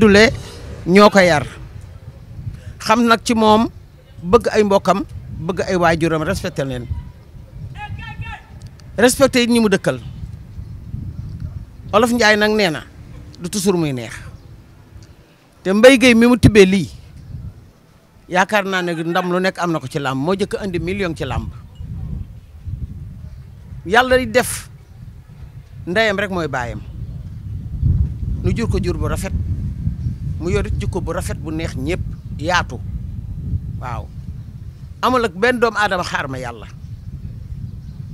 Abdoulaye ñoo ko yar xam nag ci moom bëgg ay mbokkam bëgg ay waajuram respecté leen respecté ñi mu dëkkal Olof Njaay nag nee na du toujours muy neex te mbay Gueye mi mu tibbee lii yaakaar naa ne ndam lu nekk am na ko ci làmb moo jëkk andi million ci làmb yàlla di def ndeyam rek mooy baayam nu jur ko jur bu rafet mu yorit jikko bu rafet bu neex ñëpp yaatu waaw amul ak benn doomu aadama xaar ma yàlla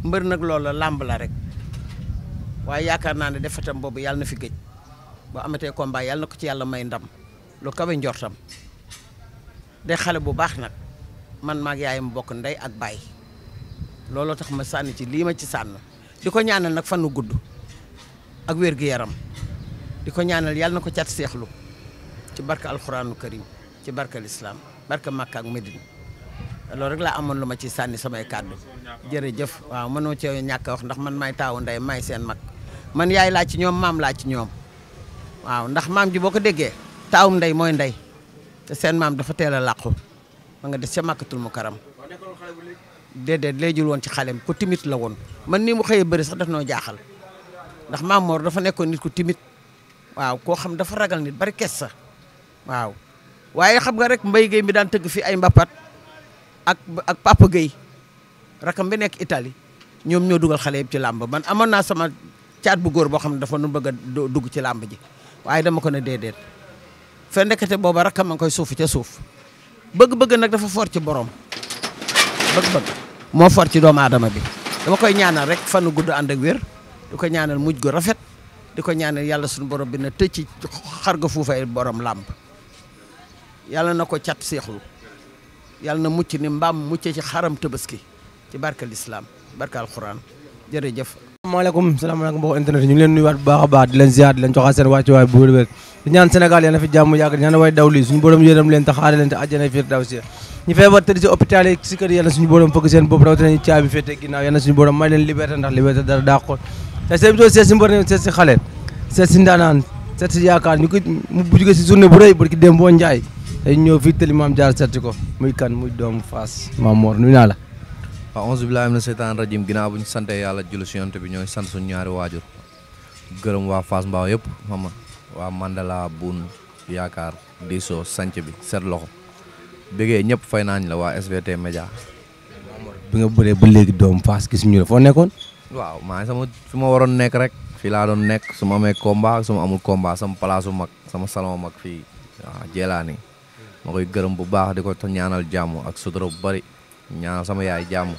mbër nag loola làmb la rek waaye yaakaar naa ne defatam boobu yàlla na fi géej boo amatee combat yàlla na ko ci yàlla may ndam lu kawe njortam day xale bu baax nag man maag yaayam bokk ndey ak baay looloo tax ma sànni ci lii ma ci sànn di ko ñaanal nag fan fanu gudd ak wér-gu-yaram di ko ñaanal yàlla na ko caat seexlu ci barka alxuraanu karim ci barka lislaam barka Makka ak Medina loolu rek laa amoon lu ma ci sànni samay kàddu jërëjëf waaw mënoo ci ñàkk wax ndax man may taawu ndey may seen mag man yaay laaj ci ñoom maam laa ci ñoom waaw ndax maam ji boo ko déggee taawum ndey mooy ndey te seen maam dafa teela làqu ma nga des ca màkkatul mu karam déedéet léejul woon ci xalem ku timit la woon man nii mu xëyee bëri sax daf noo jaaxal ndax maam Mor dafa nekkoon nit ku waaw koo xam dafa ragal nit bari kes sa waaw waaye xam nga rek Mbaye Gueye mi daan tëgg fi ay mbappat ak ak Papa Gueye rakam bi nekk itali ñoom ñoo dugal xale yëpp ci làmb man amoon naa sama caat bu góor boo xam ne dafa nu bëgg a dugg ci làmb ji waaye dama ko ne déedéet fe ndekete booba rakam a ngi koy suufu ca suuf bëgg-bëgg nag dafa for ci borom bëgg-bëgg moo for ci doomu aadama bi dama koy ñaanal rek fan fanu gudd ànd ak wér di ko ñaanal mujj gu rafet di ko ñaanal yàlla suñu borom bi na tëj xar ga fuufay borom làmb yalla na ko cat seexlu yàlla na mucc ni mbaam mucce ci xaram tabaski ci barka lislaam barka alxuraan jërëjëf asalaamaaleykum salaamaaleykum mbokk internet ñu leen nuyuwaat bu baax a baax di leen ziar di leen joxaat seen wàccuwaay bu di ñaan Sénégal yàlla fi jàmm yàgg di ñaan way daw lii suñu borom leen te xaare leen te àjjana firdawsi ñu feebar tëdd si hôpital si kër yàlla suñu borom fëgg seen bopp rawatina te seen vidéo seet boo njaay dañ ñëw fii tëli maam jaar seeti ko muy kan muy doomu Fass maam Mor nuyu naa la waa onze billahi mina seytaan rajim ginnaaw bu ñu sante yàlla julli si yonte bi ñooy sant suñu ñaari waajur gërëm waa Fass Mbao yëpp xam nga waa Mandala Boun yaakaar diisoo sanc bi seet loxo bëggee ñëpp fay naa ñu la waa SVT Média bi nga bëree ba léegi doomu Fass gis ñu la foo nekkoon waaw maa ngi sama fi ma waroon nekk rek fii laa doon nekk su ma amee combat su ma amul combat sama palaasu mag sama salon mag fii waaw ma koy gërëm bu baax di ko ta ñaanal jàmm ak sutura bu bari ñaanal sama yaay jàmm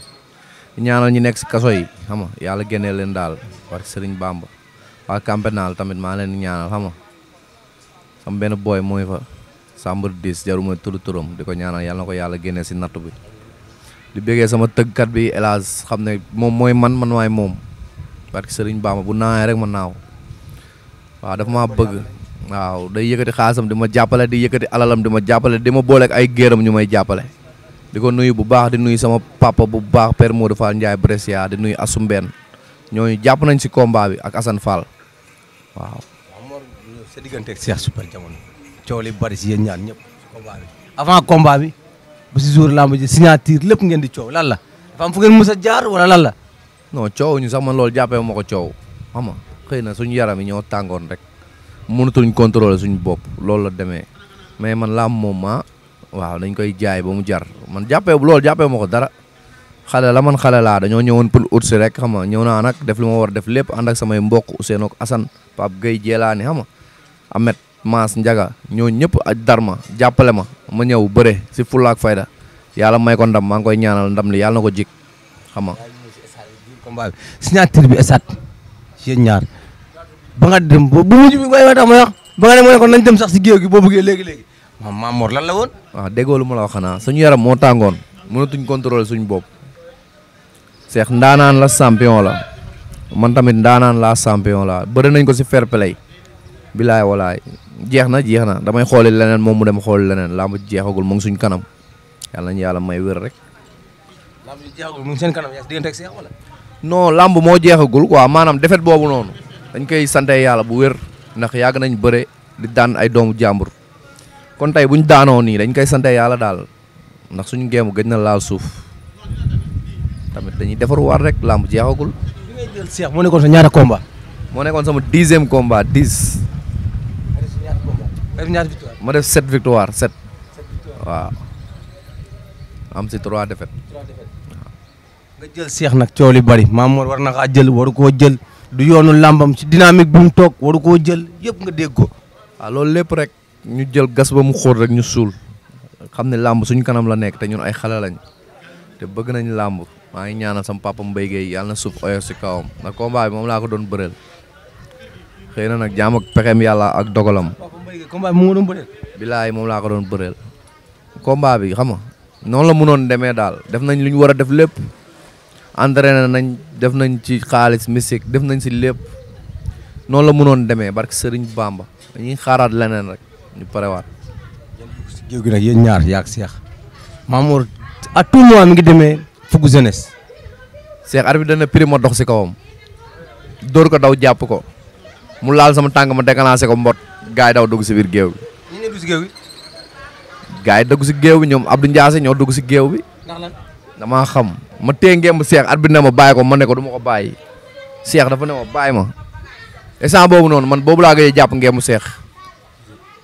ñaanal ñi nekk si kaso yi xam nga yàlla génnee leen daal parce que Serigne Bamba waa tamit maa leen ñaanal xam benn booy mooy fa chambre 10 jaruma turu turam di ko ñaanal yàlla na ko yàlla génnee si natt bi di béggee sama tëggkat bi hélas xam ne moom mooy man man moom parce que Serigne Bamba bu naawee rek ma naaw waaw dafa maa bëgg waaw day yëkkati xaalisam di ma jàppale di yëkkati alalam di ma jàppale di ma booleeg ay géeram ñu may jàppale di ko nuyu bu baax di nuyu sama papa bu baax père Modou Fall Ndiaye Brescia di nuyu Assoumbène ñoo jàpp nañ si combat bi ak Assane Fall waaw. waaw sa diggante ak Cheikh Super Jamono bari si yéen ñaar ñëpp avant combat bi ba si jour lamb ji lépp ngeen di coow lan la dafa am fu ngeen a jaar wala lan la. non coow ñu sax man loolu jàppee ma ko coow xam nga xëy na suñu yaram yi ñoo tàngoon rek. mënatuñ contrôler suñu bopp loolu la demee mais man laam moom maa waaw dañ koy jaay ba mu jar man jàppee bu loolu jàppee ma ko dara xale la man xale laa dañoo ñëwoon pour ut si rek xam ñëw naa nag def li ma war def lépp ànd ak samay mbokk Ousseynou ak Assane Pape Gueye laa xam nga Ahmed Maas Ndiaga ñoo ñëpp ak darma jàppale ma ma ñëw bëre si fulla ak fayda yàlla may ko ndam maa ngi koy ñaanal ndam li yàlla na ko jig xam nga. signature bi esat ba nga dem ba bu mujj bi waaye tax may wax nañ dem sax si géew gi boo bëggee léegi-léegi maam maam lan la woon a déggoo ma la wax xanaa suñu yaram moo tàngoon mënatuñ contrôler suñu bopp Cheikh ndaanaan la champion la man tamit ndaanaan la sampiyon la bëri nañ ko si fair play bilaay walaay jeex na jeex na damay xooli leneen moom mu dem xooli leneen làmb jeexagul mu ngi suñ kanam yàlla nañu yàlla may wér rek làmb jeexagul mu ngi seen kanam yaa diggante làmb moo jeexagul quoi maanaam defet boobu noonu dañ koy sante yàlla bu wér ndax yàgg nañ bëre di daan ay doomu jàmbur kon tey buñ ñu daanoo nii dañ koy sante yàlla daal ndax suñu géemu gëj na laal suuf tamit dañuy defaruwaat rek làmb jeexagul. bi ngay jël Cheikh moo nekkoon sa ñaata combat. moo nekkoon sama dixième combat dix. ma def sept victoire sept. waaw am si trois défaites. nga jël Cheikh nag coow li bari Mamour war na jël waru koo jël. du yoonu làmbam ci dynamique bu mu toog waru koo jël yëpp nga dégg ko. waaw loolu lépp rek ñu jël gas ba mu xóot rek ñu suul xam ne làmb suñu kanam la nekk te ñun ay xale lañ te bëgg nañ làmb maa ngi ñaanal sam papa Mbaye Guèye yàlla na suuf oyof si kawam ndax combat moom laa ko doon bëreel xëy na nag jaam pexem yàlla ak dogalam. papa Mbaye moom laa ko doon bëreel. combat bi xam nga noonu la mënoon demee daal def nañ lu war a def lépp entraîné def nañ ci xaalis misik def nañ si lépp noonu la mënoon demee barke sëriñ Bamba dañuy xaaraat leneen rek ñu parewaat. si géew gi nag yéen ñaar yaa ak Cheikh Mamour à tout moment mi ngi demee fukk jeunesse. Cheikh arbitre dana prix ma dox si kawam dóor ko daw jàpp ko mu laal sama tàng mu déclenché ko mbot gaay daw dugg si biir géew bi. ñu ngi dugg si géew si géew bi ñoom Abdou Ndiassé ñoo dugg si géew bi. ndax lan xam. ma téye ngemb seex at bi ne ma bàyyi ko ma ne ko du ma ko bàyyi seex dafa ne ma baay ma instant boobu noonu man boobu laa gëj jàpp mu seex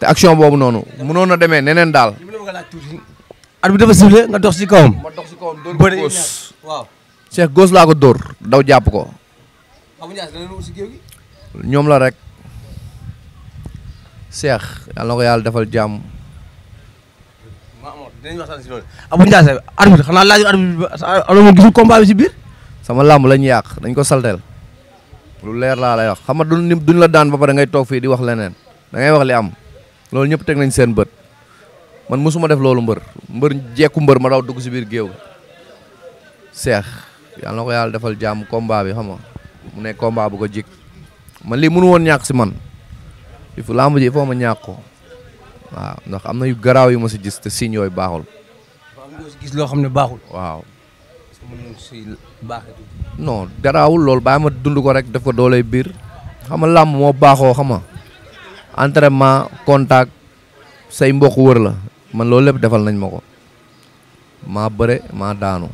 te action boobu noonu mënoon a demee neneen daal. at bi dafa sifflé nga dox si kawam. ma dox si kawam dóor ko góos waaw. seex laa ko dóor daw jàpp ko. ñoom la rek. seex yàlla na ko yàlla defal jàmm. dinañ waxtaan si loolu. Abou Ndiassé arbitre xanaa laajul arbitre bi gisul bi sama làmb lañ yàq dañ ko salteel lu leer laa lay wax xam nga duñ duñ la daan ba pare ngay toog fii di wax leneen da ngay wax li am loolu ñëpp teg nañ seen bët man mosuma def loolu mbër mbër jekku mbër ma daw dugg si biir géew seex yàlla na ko yàlla defal jàmm combat bi xam nga mu nekk combat bu ko jik lii mënu woon ñàkk si man il faut làmb ji il ma ñàkk ko waaw ndax am na yu garaaw yu ma si gis te signes yooyu baaxul. gis loo xam ne baaxul. waaw. non garaawul loolu bàyyi ma dund ko rek daf ko dooley biir xama làmb moo baaxoo xama nga entraînement contact say mbokk wër la man loolu lépp defal nañ ma ko maa bëre maa daanu.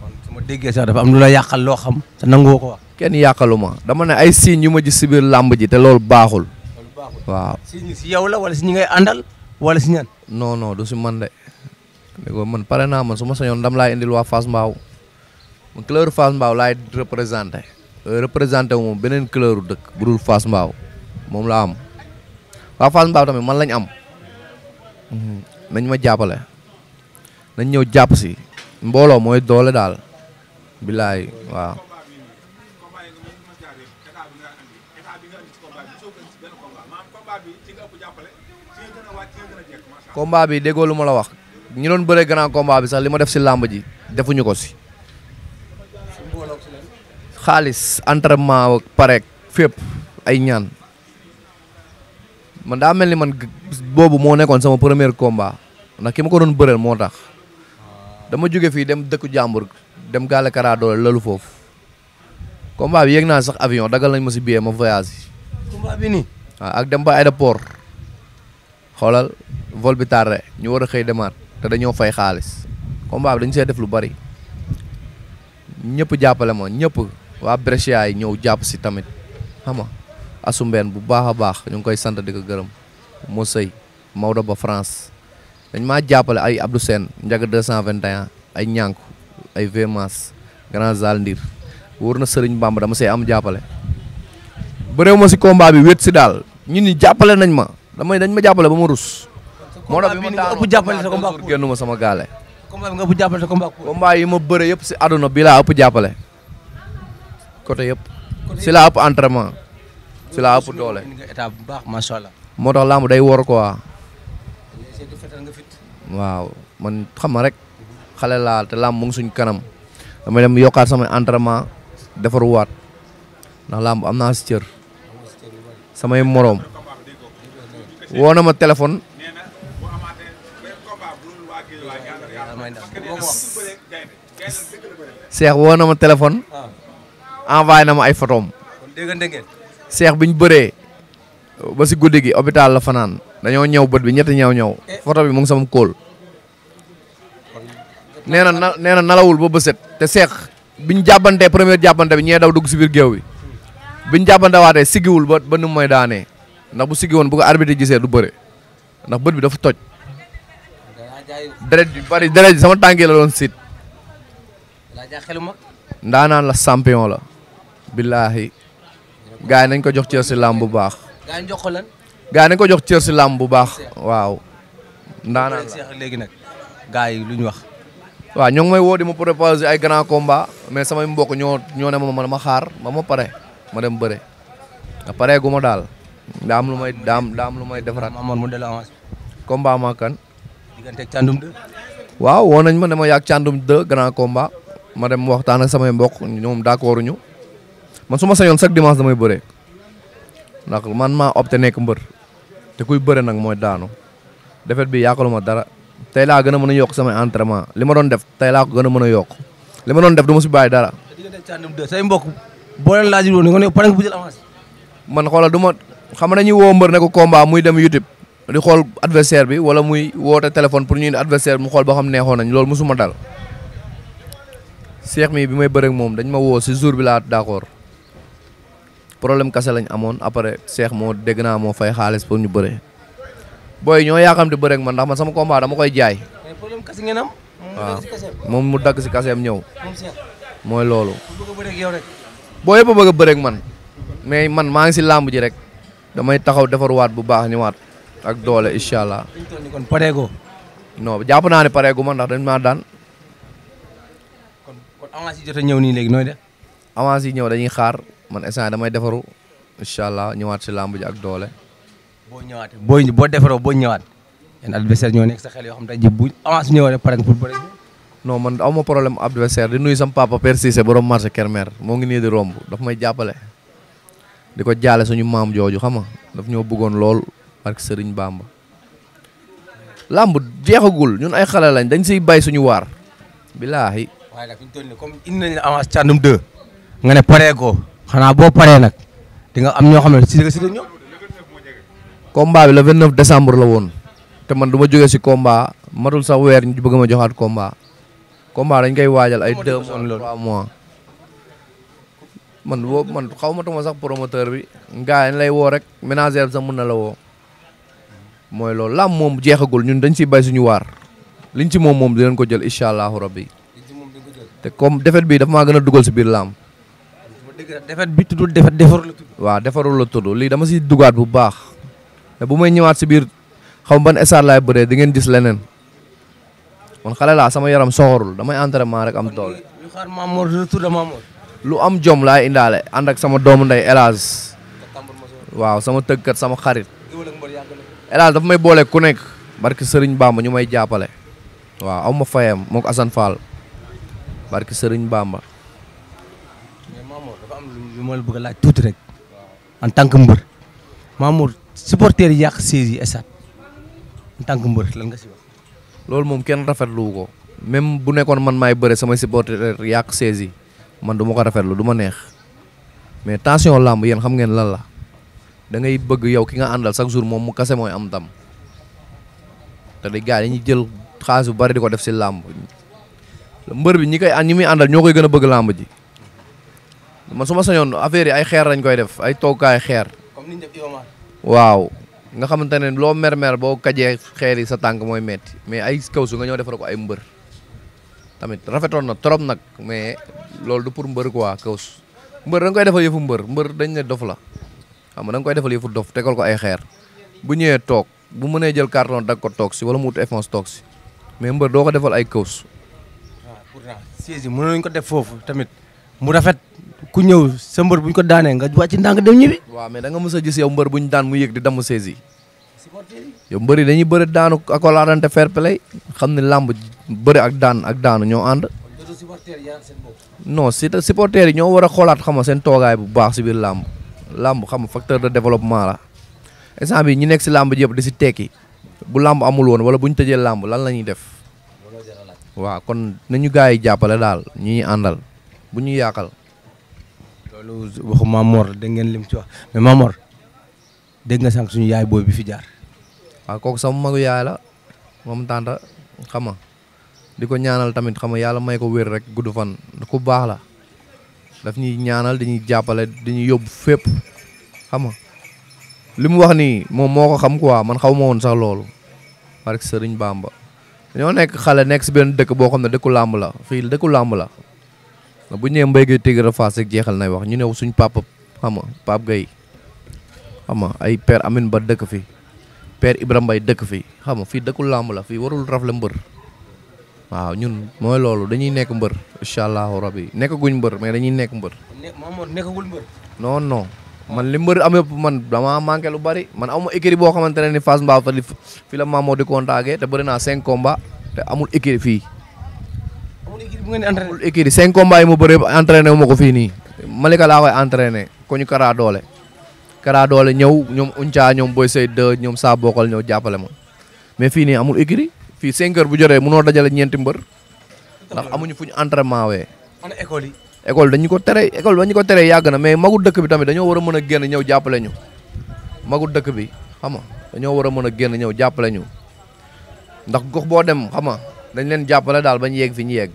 kon ma déggee sax dafa am lu la yàqal loo xam te nangoo ko wax. kenn yàqalu ma dama ne ay signes yu ma gis si biir làmb ji te loolu baaxul. waaw. si si yow la wala si ñi ngay àndal wala si ñan. non non du si man de. man pare naa man su ma sañoon ndam laa indil waa Fass Mbao man couleur Fass Mbao laay représenté. Euh, représenté wu moom beneen couleur dëkk bu dul Fass Mbao moom la am waa Fass Mbao tamit man lañ am mhm. nañ ma jàppale nañ ñëw jàpp si mbooloo mooy doole daal bilaay waaw. combat bi déggoo lu ma la wax ñu doon bëre grand combat bi sax li ma def si làmb ji defuñu ko si. xaalis entraînement pare fépp ay ñaan man daa mel ni man boobu moo nekkoon sama premier combat ndax ki ma ko doon bëreel moo tax dama jóge fii dem dëkku jàmbur dem gaale Kara Dollé lalu foofu combat bi yéeg naa sax avion dagal nañ ma si billet ma voyage. combat ak dem ba aéroport vol bi tardé ñu war a xëy demaat te dañoo fay xaalis combat bi dañu see def lu bari ñëpp jàppale ma ñëpp waa Brescia yi ñëw jàpp si tamit ama nga asumbeen bu baax a baax ñu ngi koy sant di ko gërëm moo sëy Maodo ba France dañ maa jàppale ay Abdou Sène Ndiaga 221 ay ñànku ay Vémas Grand Zal Ndir wóor na Sëriñ Bamba dama see am jàppale jàppale ba ma rus moo tax bi ma daanoo ëpp jàppale sa combat pour sama gaale. combat bi nga ëpp jàppale sa combat pour. ma bëre yëpp si àdduna bi laa ëpp yëpp. si laa ëpp entraînement. bu baax macha allah. moo tax làmb day wor quoi. waaw man xam na rek. xale laa te làmb mu suñ kanam. damay dem yokkaat samay entraînement defaruwaat ndax làmb am naa si cër. samay moroom. woo na ma téléphone. Cheikh woo na ma téléphone. Ah. na ma ay photos am. déggante ngeen. ñu bëree. ba si guddi gi hôpital la fanaan dañoo ñëw bët bi ñett ñëw ñëw foto eh. bi mu ngi sama kóol. nee na na nee na ba bëset te Cheikh bi ñu jàppante première bi ñee daw dugg si biir géew bi. bi ñu jàppante waatee siggiwul ba nu mooy daanee ndax bu siggi woon bu ko gisee du bëre ndax bët bi dafa toj. deret bi bari deret sama tànk la doon siit. ndaanaan la champion la. billaahi gars yi nañ ko jox cër si làmb bu baax. gars jox ko lan. gars nañ ko jox cër si làmb bu baax. waaw. ndaanaan la léegi nag gars yi lu ñu wax. waaw ñoo ngi may woo di ma proposer ay grand combat mais samay mbokk ñoo ñoo ne ma ma xaar ba ma pare ma dem bëre. nga pare ma daal. daa lu may daa am lu may defaraat. ma mu dellu avance. kan. waaw woo ma ne ma yàgg Thiandoum 2 grand ma dem waxtaan ak samay mbokk ñoom d'accord ñu man su ma sañoon chaque dimanche damay bëree ndax man maa opté nekk mbër te kuy bëre nag mooy daanu defet bi yàqalu ma dara tey laa gën a mën a yokk samay entrement li ma doon def tey laa ko gën a mën a yokk li ma doon def du ma si bàyyi dara. say mbokk boo leen laajee woon nga ne pare bu jël avance. man ma xam ne dañuy woo mbër ne ko combat muy dem YouTube di xool adversaire bi wala muy woote téléphone pour ñu indi mu xool boo xam neexoon nañ loolu mosuma dal. seex mi bi may bëreeg moom dañ ma woo si jour bi laa d'accord problème kase lañ amoon après seex moo dégg naa moo fay xaalis pour ñu bëre. booy ñoo yaakaar di bëreeg man ndax man sama combat dama koy jaay. mais problème kase moom mu dagg si kaseem ñëw. mooy loolu. boo yëpp a bëgg a bëreeg man. mais man maa ngi si làmb ji rek. damay taxaw defarwaat bu baax ñëwaat. ak doole incha allah. non jàpp naa pareegu ma ndax dañ maa daan. avance yi a ñëw nii léegi nooy def. avance yi ñëw dañuy xaar man instant damay defaru incha allah ñëwaat si làmb ji ak doole. boo ñëwaatee booy boo defaroo boo ñëwaat. yéen adversaire ñoo nekk sa xel yoo xam ne bu avance ñëw rek pare pour pare. non man aw ma problème adversaire di nuyu sam papa Père Cissé borom marché Kermer moo ngi nii di romb daf may jàppale. di ko jaale suñu maam jooju xam nga daf ñoo bëggoon lool ak Serigne Bamba. làmb jeexagul ñun ay xale lañ dañ siy bay suñu waar. bilaahi waaye nag fi ñu toll nii comme indi nañu avance nga ne paree ko xanaa boo paree nag di nga am ñoo xam ne si nga si la ñëw. combat bi le 29 décembre la woon te man du ma jógee si combat matul sax weer ñu bëgg ma joxaat kombaa combat dañ koy waajal ay 2 mois 3 mois. man boo man xaw ma tuma sax promoteur bi ngaa yi lay woo rek ménagère bi sax mun na la woo mooy loolu làmb moom jeexagul ñun dañ siy bay ñu waar liñ ci moom moom dinañ ko jël incha allahu rabbi te comme defet bi dafa maa gën a dugal si biir laam. defet bi tuddul defet defarul la tudd. defarul la tudd lii dama si dugaat bu baax te bu may ñëwaat si biir xam ban esaat laay bëree di ngeen gis leneen man xale laa sama yaram soxorul damay entraînement rek am doole. ñu xaar lu am jom laay indaale ànd ak sama doomu ndey El waaw sama tëggkat sama xarit El Hadj dafa may boole ku nekk barki Serigne ma ñu may jàppale waaw aw ma fayam moog Assane Fall. barki sëriñ Bamba. mais Mamour dafa laaj tuuti rek. en tant mbër. Mamour supporter yi yàq siis yi esat en tant mbër lan nga si loolu moom kenn rafetlu ko. même bu nekkoon man maay bëre samay supporter yàq siis yi man du ma ko rafetlu du ma neex mais tension làmb yéen xam ngeen lan la da ngay bëgg yow ki nga àndal chaque jour moom mu kase mooy am ndam te di gars yi jël xaalis bu bari di ko def si làmb mbër bi ñi koy ñi muy àndal ñoo koy gën a bëgg làmb ji man su ma sañoon affaire yi ay xeer lañ koy def ay toogukaay xeer. comme ni ñu waaw nga xamante ne loo mer-mer boo kajee xeer yi sa tànk mooy metti mais ay kaw su nga ñëw defar ko ay mbër tamit rafetoon na trop nag mais loolu du pour mbër ko kaw su mbër dañ nga koy defal yëfu mbër mbër dañ ne dof la xam nga da koy defal yëfu dof tegal ko ay xeer bu ñëwee toog bu mën mënee jël carton dag ko toog si wala mu wut éponge toog mais mbër doo ko defal ay kaws pourtant siège yi mënoon nañu ko def foofu tamit mu rafet ku ñëw sa mbër bu ñu ko daanee nga wàcc ndànk dem ñibbi. waaw mais danga nga mës a gis yow mbër bu ñu daan mu yëg di damu siège yi. mbëri dañuy bëri daanu akolaadante fair play xam ne làmb bëri ak daan ak daanu ñoo ànd. non si supporters yi ñoo war a xoolaat xam seen toogaay bu baax si biir làmb làmb xam nga facteur de développement la exemple bi ñi nekk si làmb yëpp di si tekki bu làmb amul woon wala bu ñu tëjee làmb lan la ñuy def. waaw kon nañu gars yi jàppale daal ñuy àndal bu ñu yaakal loolu waxu Mamor dégg ngeen lim ci wax mais dégg nga sànq suñu yaay booy bi fi jaar. waaw kooku sama magu yaay la moom tànta xam di ko ñaanal tamit xam nga yàlla may ko wér rek gudd fan ku baax la daf ñuy ñaanal dañuy jàppale dañuy yóbbu fépp xam nga li mu wax nii moom moo ko xam quoi man xaw ma woon sax loolu parce Sëriñ Bamba dañoo nekk xale nekk si benn dëkk boo xam ne dëkku làmb la fii dëkku làmb la bu ñu nee mbéy gi Tigre Fass rek jeexal nay wax ñu new suñ papa xam nga Pape ay père Amin Ba dëkk fi per Ibrahima Mbaye dëkk fi xam nga fii dëkku làmb la fii warul rafle mbër waaw ñun mooy loolu dañuy nekk mbër incha allahu rabi nekkaguñ mbër mais dañuy nekk mbër. ne mbër. non non. man li mbër am yëpp man damaa manqué lu bari man amu ma écurie boo xamante ne ni Fass Mbao fa fi moo Mamadou di contacté te bëri naa cinq combats te amul écurie fii. amul écurie cinq combats yi mu bëri entraîné wu ma ko fii nii. Malika laa koy entraîné ko ñu Kara Doole. Kara Doole ñëw ñoom Unca ñoom Boy Sey De ñoom saa bokkal ñëw jàppale ma mais fii nii amul écurie fii cinq heures bu jotee munoo dajale ñeenti mbër ndax amuñu fu ñu entraînement wee. école yi. école dañu ko tere école dañu ko tere yàgg na mais magu dëkk bi tamit dañoo war a mën a génn ñëw jàppale ñu magu dëkk bi xam dañoo war a mën a génn ñëw jàppale ñu ndax gox boo dem xam dañ leen jàppale daal bañ yegg fi ñu yegg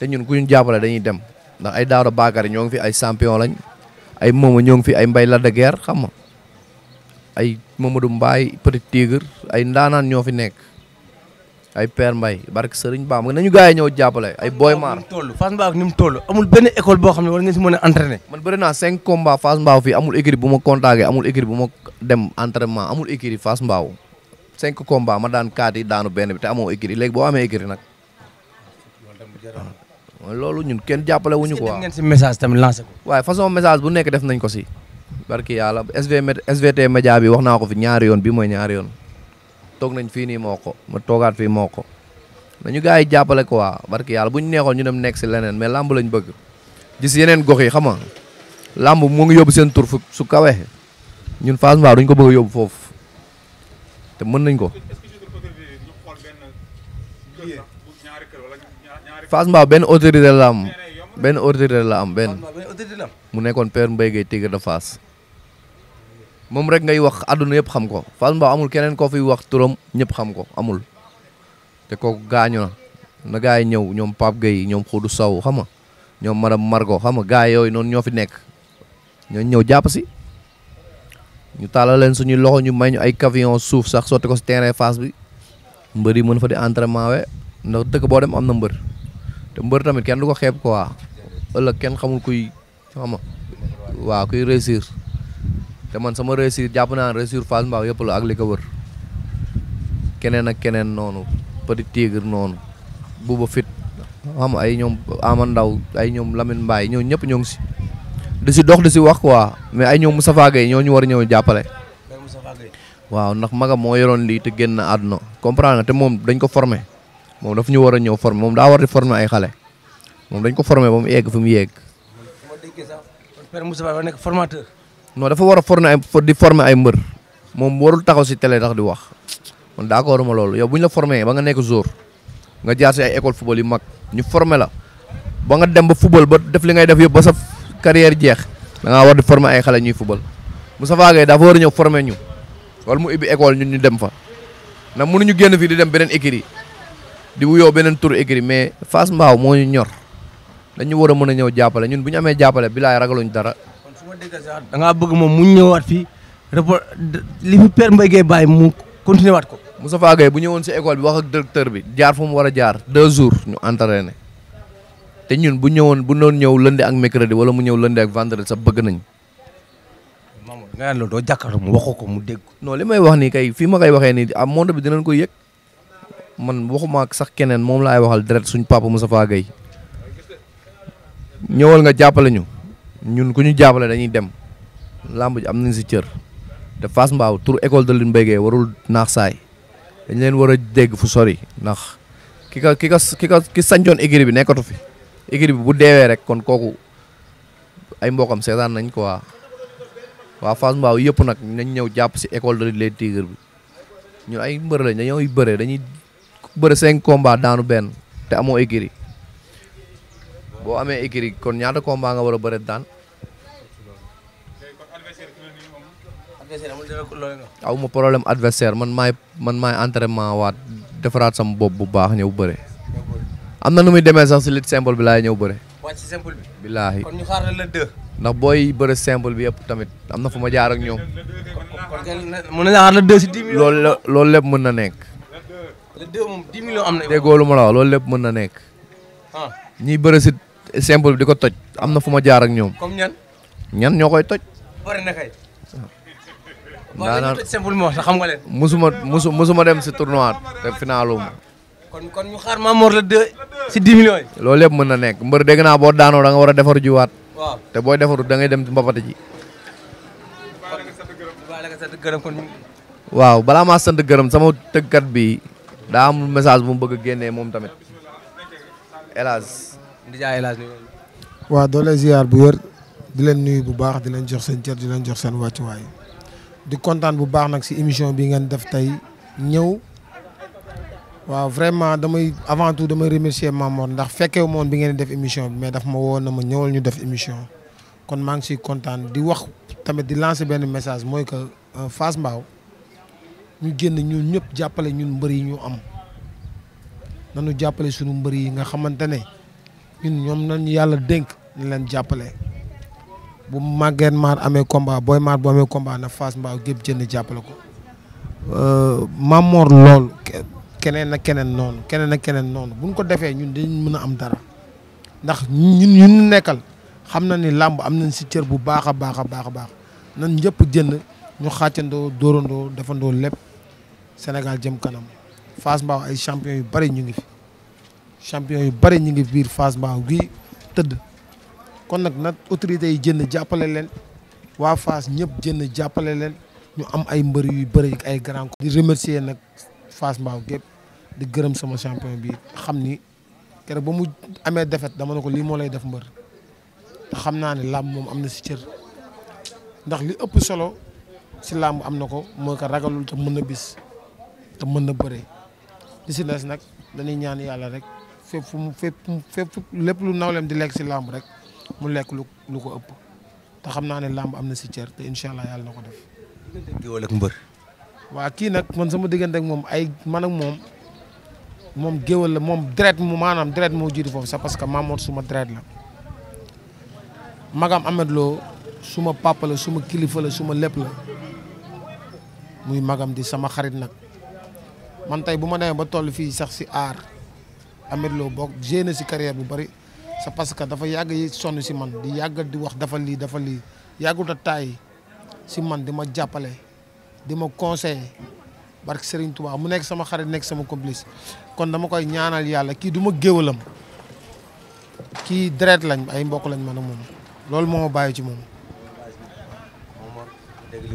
te ñun ku ñu jàppale dañuy dem ndax ay daaro Bakary ñoo ngi fi ay champion lañ ay Momo ñoo ngi fi ay mbay la de Guiers xam nga ay Mamadou Mbaye Petit Tigre ay ndaanaan ñoo fi nekk. ay Père Mbaye barke Serigne Bamba nañu gars yi ñëw jàppale ay Boy Maar. Fass Mbao ak ni mu amul benn école boo xam ne war ngeen si mën a entraîner. man bëri naa cinq combats Fass Mbao fii amul écurie bu ma contacté amul écurie bu ma dem entraînement amul écurie Fass Mbao ma daan kaat yi benn bi te amoo écurie léegi boo amee écurie nag. loolu ñun kenn jàppale wuñu ko waaw message tamit lancé ko. façon message bu nekk def nañ ko si. barki yàlla SV SVT média bi wax naa ko fi ñaari yoon bi mooy ñaari yoon. toog nañ fii nii moo ko ma togaat fii moo ko nañu gars yi jàppale ko waa barki yàlla bu ñu neexoon ñu dem nekk si leneen mais làmb lañ bëgg gis yeneen gox yi xam nga làmb mu ngi yóbbu seen tur fu su kawe ñun Fass Mbaw duñ ko bëgg a yóbbu foofu te mën nañ ko Fass Mbaw benn autorité la benn autorité la am benn mu nekkoon père Mbaye Gueye Tigre de Fass moom rek ngay wax àdduna yëpp xam ko Fass Mbaw amul keneen koo fiy wax turam ñëpp xam ko amul te ko gaañu na na gaa yi ñëw ñoom Pape Gueye ñoom Khoudou Sow xam nga ñoom madame Margot xam nga gaa yooyu noonu ñoo fi nekk ñoo ñëw jàpp si ñu tàllal leen suñuy loxo ñu may ñu ay camion suuf sax sotti ko si terrain Fass bi mbër yi mën fa di entraînement we ndax dëkk boo dem am na mbër te mbër tamit kenn du ko xeeb quoi ëllëg kenn xamul kuy xam nga waaw kuy réussir te man sama réussir jàpp naa ne réussir Fass Mbao yëpp la li ko wër keneen ak keneen noonu Petit Tigre noonu ba Fit xam ay ñoom Ama Ndaw ay ñoom Lamine mbaay ñoo ñëpp ñoo ngi si di si dox di si wax waa mais ay ñoom Moustapha Gueye ñoo ñu war a ñëw jàppale. waaw ndax magam moo yoroon lii te génn àdduna comprendre nga te moom dañ ko formé moom daf ñu war a ñëw formé moom daa war di formé ay xale moom dañ ko formé ba mu yegg fi mu yegg. non dafa war a former ay di former ay mbër moom warul taxaw si tele tax di wax man d'accord ma loolu yow bu ñu la formé ba nga nekk jour nga jaar si ay école football yu mag ñu formé la ba nga dem ba football ba def li ngay def yëpp ba sa carrière jeex da ngaa war di former ay xale ñuy football Moussa Gueye dafa war a ñëw former ñu wala mu ibbi école ñu ñu dem fa nu ñu génn fii di dem beneen écurie di wuyoo beneen tur écurie mais fas mbaaw moo ñu ñor dañu war a mën a ñëw jàppale ñun bu ñu amee jàppale bilaay ragaluñ dara da ngaa bëgg moom mu ñëwaat fii report li fi Père Mbaye bàyyi mu continué ko. Moustapha bu ñëwoon si école wax ak directeur bi jaar fu mu war a jaar deux jours ñu entraîné te ñun bu ñëwoon bu doon ñëw lundi ak mercredi wala mu ñëw lundi ak vendredi sax bëgg nañ. Mamadou nga naan doo jàkkaarloo mu waxu ko mu dégg. non li may wax nii kay fii ma koy waxee nii am ah, monde bi dinañ ko yëg man waxuma ak sax keneen moom laay waxal direct suñ papa Moustapha Gueye ñëwal nga jàppale ñu. ñun ku ñu jàppale dañuy dem làmb ji am nañ si cër te Fass Mbao tur école de lutte Mbaye warul naax saay dañ leen war a dégg fu sori ndax ki ka ki ka ki ka ki bi nekkatu fi écurie bi bu deewee rek kon kooku ay mbokam seetaan nañ quoi waa Fass Mbao yëpp nag nañ ñëw jàpp si école de lutte les Tigres bi ñun ay mbër lañ dañuy bëre dañuy bëre cinq combats daanu benn te amoo écurie boo amee écurie kon ñaata combat nga war a bëre aw ma problème adversaire man maay man maay waat defaraat sama bop bu baax ñëw bëre. am na nu muy demee sax si lutte simple bi laay ñëw bëre. wàcc si ndax booy bëre simple bi yëpp tamit am na fu ma jaar ak ñoom. kon kon mën na loolu lépp mën na nekk. le deux am na. déggoo lu ma la lépp mën na nekk. ñiy bëre si simple bi di ko toj am na fu ma jaar ak ñoom. comme ñan. ñoo koy toj. naanaan simplement xam nga leen. musuma musu musuma dem si tournoi te finaaluma. kon kon ñu xaar la deux si dix millions yi. loolu yëpp mën na nekk mbër dégg naa boo daanoo da nga war a defar jiwaat. waat te booy defarut da ngay dem mbapati ji. waaw balaa maa sant gërëm sama tëggkat bi daa am message bu mu bëgg a génnee moom tamit hélas. waa doo lay ziar bu wér di leen nuyu bu baax di leen jox seen cër di leen jox seen wàccuwaay. di kontaan bu baax nag si émission bi ngeen def tey ñëw waaw vraiment damay avant tout damay remercier Mamor ndax fekkewu moon bi ngeen def émission bi mais daf ma woon na ma ñëwal ñu def émission kon maa ngi siy kontaan di wax tamit di lancer benn message mooy que euh, Fass Mbao ñu génn ñu ñëpp jàppale ñun mbër yi ñu am nañu jàppale suñu mbër yi nga xamante ne ñun ñoom nañu yàlla dénk ñu leen jàppale bu Maguette Maar amee combat booy Maar bu amee combat na Fass Mbao gépp jënd jàppale ko euh, Mamor loolu keneen ak keneen noonu keneen ak keneen noonu bu ñu ko defee ñun dañ mën a am dara ndax ñun ñun nekkal xam na ni làmb am nañ si cër bu baax a baax a baax a baax nan ñëpp jënd ñu xàccandoo dóorandoo defandoo lépp Sénégal jëm kanam Fass Mbao ay champion yu bari ñu ngi fi champion yu bari ñu ngi biir Fass Mbao gi tëdd kon nag nag autorité yi jënd jàppale leen waa Fass ñëpp jënd jàppale leen ñu am ay mbër yu bëri ay grand ko di remercier nag Fass Mbao gépp di gërëm sama champion bii xam ni keroog ba mu amee défaite dama ne ko lii moo lay def mbër te xam naa ni làmb moom am na si cër ndax li ëpp solo si làmb am na ko mooy ko ragalul te mën na bis te mën na bëree li si des nag dañuy ñaan yàlla rek fépp fu mu fépp lépp lu nawleem di lekk si làmb rek mu lekk lu lu ko ëpp te xam naa ne làmb am na si cër te incha allah yàlla na ko def. diggante ak kii nag man sama diggante ak moom ay man moom moom géwal la moom deret mu maanaam deret moo jiitu foofu sax parce que Mamour suma deret la magam Amed Lo suma papa suma kilifala suma lépp la muy magam di sama xarit nag man tey bu ma demee ba toll fii sax si aar Amed Lo bokk génne si bu bari c'est parce que dafa yàgg yi sonn si man di yàgg di wax dafa lii dafa lii yàggut a taay si man di ma jàppale di ma conseiller barke sëriñ Touba mu nekk sama xarit nekk sama complice kon dama koy ñaanal yàlla kii du ma géwalam kii deret lañ ay mbokk lañ man a moom loolu moo ma bàyyi ci moom.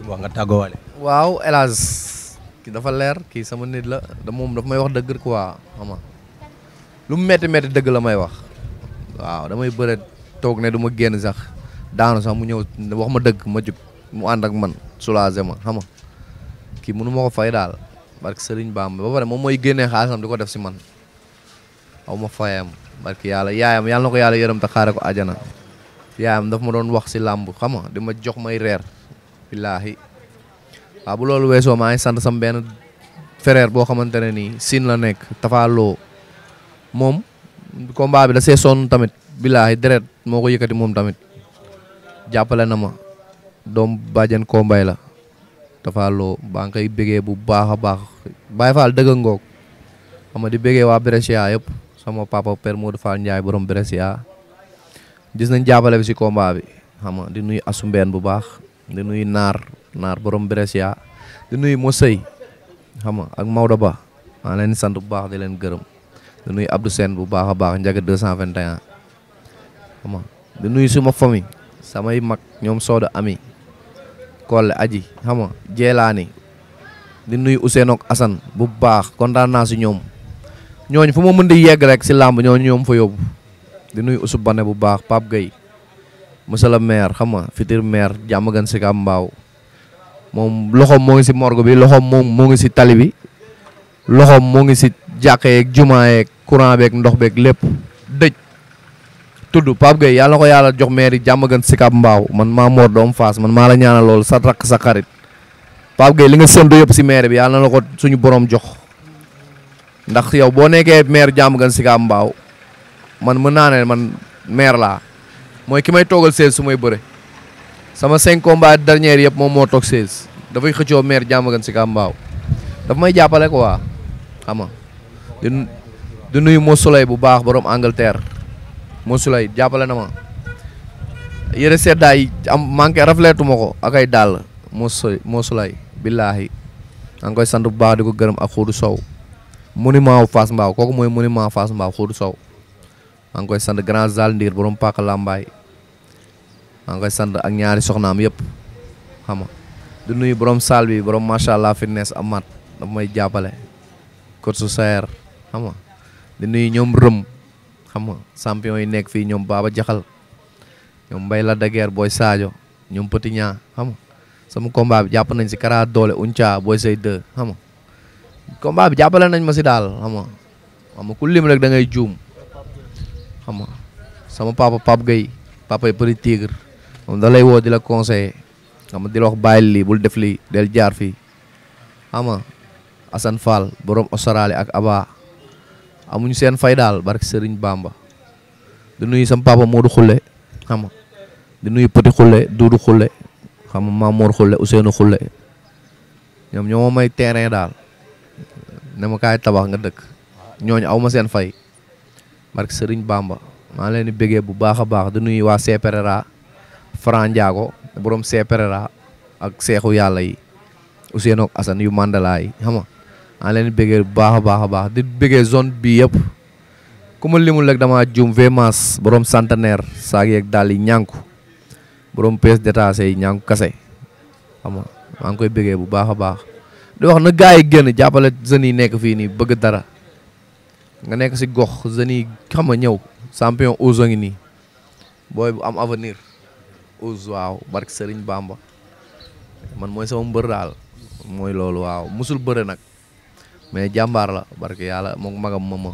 wax nga tàggoowale. waaw El kii dafa leer kii sama nit la da moom dafa may wax dëgg quoi xam nga lu mu métti métti dëgg la may wax. waaw damay bëre toog ne du ma génn sax daanu sax mu ñëw wax ma dëgg ma jub mu ànd ak man soulagé ma xam nga kii mënu ma ko fay daal barke Sëriñ Bamba ba pare moom mooy génnee xaalisam di ko def si man aw ma fayam barke yàlla yaayam yàlla na ko yàlla yërëm te xaare ko àjjana yaayam daf ma doon wax si làmb xam nga di ma jox may reer billaahi waaw bu loolu weesoo maa ngi sant sam benn frère boo xamante ne nii siin la nekk Tafaloo moom combat bi da see tamit billaahi deret moo ko yëkkati moom tamit jàppale na ma doom bàjjen kombay la dafa loo baa ngi koy bégee bu baax a baax Baye dëgg ngoog ama di bégee waa Brescia yëpp sama papa père Modou Fall Ndiaye borom Brescia gis nañ jàppale si combat bi xam di nuyu asumbeen bu baax di nuyu naar naar borom di nuyu Mosey xam nga ak Maodo Ba maa leen sant bu baax di leen gërëm. di nuyu Abdou seen bu baax a baax njaga 221 xam nga di nuyu suma famille samay mag ñoom sooda ami kolle aji xam nga jeelaani di nuyu Ousseynou ak Assane bu baax kontaan naa si ñoom ñooñ fu ma mën di yegg rek si làmb ñooñu ñoom fa yóbbu di nuy Ousou Bane bu baax Pape Gueye monsieur le maire xam nga futur maire jàmm gan si kam moom loxoom moo ngi si morgue bi loxoom moo ngi si tali bi loxoom moo ngi si jàkka yeek jumaa yeeg courant beek ndox beeg lépp dëj tudd Pape Gueye yàlla na ko yàlla jox mairie jàmm gën Sicap man maa Mor doom Faas man maa la ñaanal lool sa rakk sa xarit Pape li nga séntu yëpp si maire bi yàlla na la ko suñu borom jox ndax yow boo nekkee maire jàmm gën Sicap Mbao man mën naa ne man maire laa mooy ki may toogal seize su may bëre sama cinq combats yëpp moom moo toog seize dafay xëccoo maire jàmm gën Sicap Mbao dafa may jàppale quoi xam di di nuyu Mo bu baax borom Angleterre Mo Souley jàppale na ma yére seddaay am manqué rafletu ma ko ak ay dàll Mo Souley Mo Souley billaahi maa koy sant bu baax di ko gërëm ak Khoudou Sow monument Fass Mbao kooku mooy monument Fass Mbao Khoudou Sow maa ngi koy sant grand zal ndiir borom Pàkk Lambaay maa ngi koy sant ak ñaari soxnaam yëpp xam nga di nuyu borom saal bi borom macha allah fitness amat dafa may jàppale kot su xam nga di nuyu ñoom rëm xam champion yi nekk fii ñoom Baba Jaxal ñoom Mbay la daguère booy Sadio ñoom Petit Ñaa sama combat bi jàpp nañ si Kara Doole Unca booy say deux xam nga combat bi jàppale nañ ma si daal xam nga rek da juum xam nga sama papa Pape Gueye papa yi Petit Tigre moom da woo di la conseiller xam di la wax bàyyil lii bul def lii del jaar fii xam nga Assane Fall borom Australie ak Aba amuñ seen fay daal barke Serigne Bamba di nuyu sam papa Modou Khoule xam nga di nuyu Petit Khoule Doudou Khoule xam nga Mamour Khoule Ousseynou Khoule ñoom ñoo may terrain daal ne ma tabax nga dëkk ñooñ aw ma seen fay barke Serigne Bamba maa leen di bégee bu baax a baax di nuyu waa CPRA Fran Ndiago borom CPRA ak seexu yàlla yi Ousseynou ak yu Mandala yi maa leen bu baax a baax a baax di bëggee zone bi yëpp comme ma limul rek damaa juum Vémas borom centenaire saag yeeg daal yi ñànku borom pièces détachées yi ñànku kase xam nga maa ngi koy bëggee bu baax a baax di wax na gars yi génn jàppale jeunes yi nekk fii nii bëgg dara nga nekk si gox jeunes yi xam nga ñëw champion Ouzo ngi nii booy bu am avenir Ouzo waaw barke Serigne Bamba man mooy sama mbër daal mooy loolu waaw musul bëre nag. mais jàmbaar la barke yàlla moom magam mama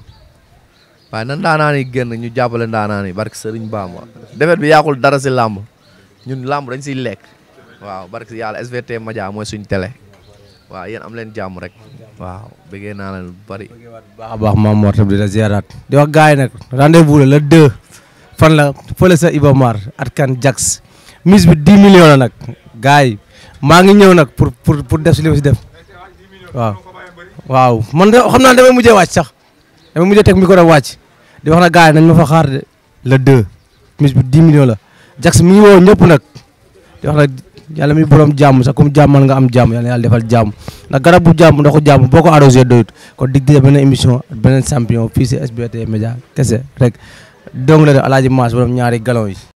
waaye nan ndaanaan yi génn ñu jàppale ndaanaan yi barke sëriñ Bamba defet bi yàqul dara si làmb ñun làmb dañ siy lekk waaw barke si yàlla SVT Media mooy suñ tele waaw yéen am leen jàmm rek waaw bëggee naa la bari baax a baax Mame Mor tam di la ziaraat di wax gars yi nag rendez-vous la le deux fan la fële sa Iba Mar at kan jax mis bi 10 millions la nag gars yi maa ngi ñëw nag pour pour pour def si li ma si def waaw man de xam naa damay mujjee wàcc sax damay mujjee teg micro wàcc di wax na gaa yi nañ ma fa xaar de le 2 mise bi 10 millions la Jax mi ngi ñëpp nag di nag yàlla mi borom jàmm sax comme jàmmal nga am jàmm yàlla yàlla defal jàmm ndax garab bu jàmm ndoxu jàmm boo ko arrosé doyut kon dig dee beneen émission beneen champion fii si SBT Média kese rek dong la de Alaaji Maas borom ñaari galon yi